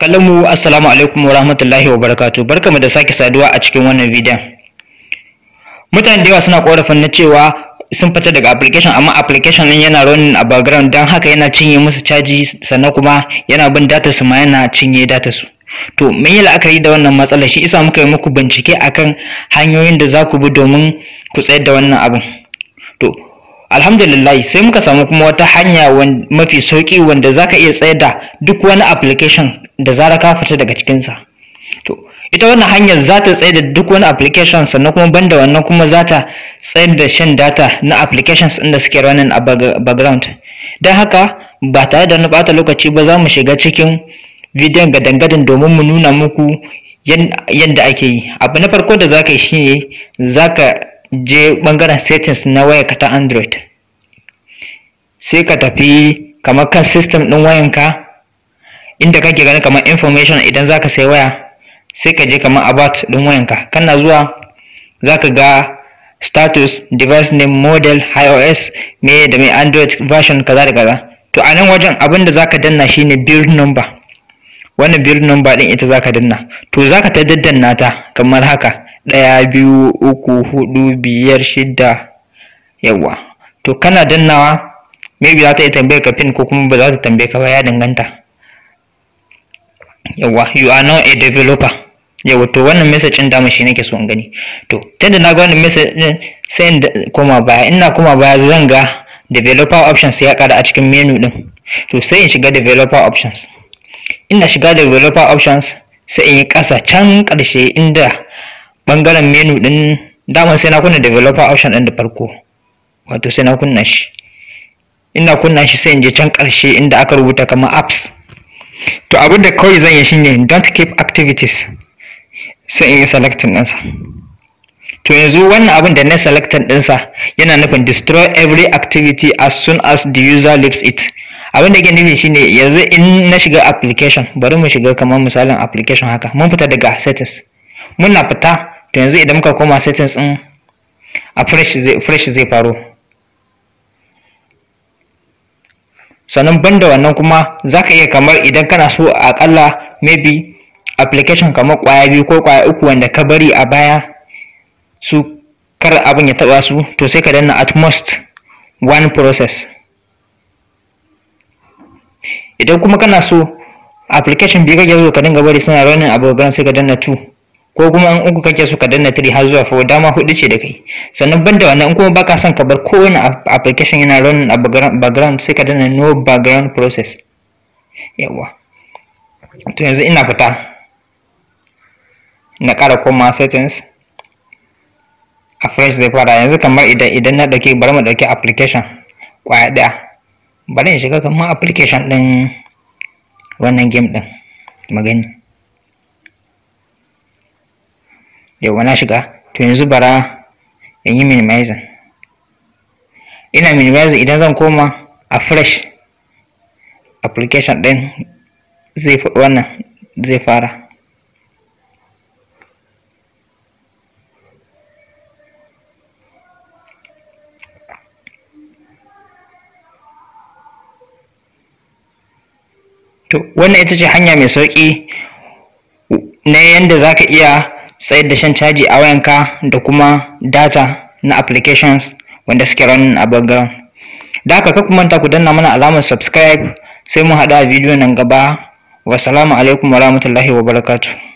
kallon mu assalamu alaikum wa rahmatullahi wa barakatu barkamu da sake saduwa a cikin wannan bidiyon mutane da yawa suna korafin na cewa sun fita daga application amma application din yana running a background don haka yana cinye musu caji sannan kuma yana bin data su ma yana cinye data su to me yi la'akari da wannan matsala shi isa muka yi muku bincike akan hanyoyin da za ku bi domin ku tsayar da wannan abin to alhamdulillah sai muka samu kuma wata hanya mafi sauki wanda zaka iya tsayar da duk wani application da zara ka fita daga cikinsa to ita wannan hanyar za ta tsayar da duk wani application sannan kuma banda wannan kuma za ta tsayar da shan data na applications inda suke running a background don haka ba tare da na bata lokaci ba za mu shiga cikin bidiyon gadangadan domin mu nuna muku yadda ake yi abu na farko da za ka yi shine za ka je bangaren settings na wayarka ta android sai ka tafi kamar kan system ɗin wayanka inda kake gani kamar information idan za ka sai waya sai ka je kamar about ɗin wayanka kana zuwa ka ga status device name model ios me da mai android version kaza da kaza to a nan wajen abin da ka danna shine build number wannan build number ɗin ita za ka danna to za ka ta daddanna ta kamar haka ɗaya biyu uku hudu biyar shida yawa to kana dannawa maybe za ta iya tambayar ka pin ko kuma ba za ta tambaye ka ba ya danganta yawa you are now a developer yawa to wannan message din dama shi nake so in gani to tunda na ga wannan message din sai in koma baya ina koma baya zan ga developer options ya kada a cikin menu din to sai in shiga developer options ina shiga developer options sai in yi ƙasa can ƙarshe inda ɓangaren menu ɗin dama sai na kunna developer option ɗin da farko wato sai na kunna shi ina kunna shi sai in je can ƙarshe inda aka rubuta kamar apps to abin da kawai zan yi shine don't keep activities sai in yi selecting ɗinsa to yanzu wannan abin da na selecting ɗinsa yana nufin destroy every activity as soon as the user leaves it abin da yake nufi shine yanzu in na shiga application bari mu shiga kamar misalin application haka mun fita daga settings muna fita to yanzu idan muka koma settings ɗin a fresh zai faro sannan banda wannan kuma za ka iya kamar idan kana so a akalla maybe application kamar kwaya biyu ko kwaya uku wanda ka bari a baya su kar abin ya taba su to sai ka danna at most one process idan kuma kana so application biyu kake so ka dinga bari suna running a babban sai ka danna two ko kuma in uku kake so ka danna 3 har zuwa 4 dama hudu ce da kai sannan banda wannan in kuma baka son ka bar kowane application yana running a background sai ka danna no background process yawa to yanzu ina fita na ƙara koma settings a fresh zai fara yanzu kamar idan idan na dauke bari mu dauke application kwaya daya bari in shiga kamar application din wannan game din magani yawa na shiga to yanzu bara in yi minimizing ina minimizing idan zan koma a fresh application ɗin zai wannan zai fara to wannan ita ce hanya mai sauki na yadda zaka ka iya sayar da shan caji a wayanka da kuma data na applications wanda suke running a background da haka ka manta ku danna mana alamar subscribe sai mu haɗu a bidiyo nan gaba wasalamu alaikum warahmatullahi wabarakatuh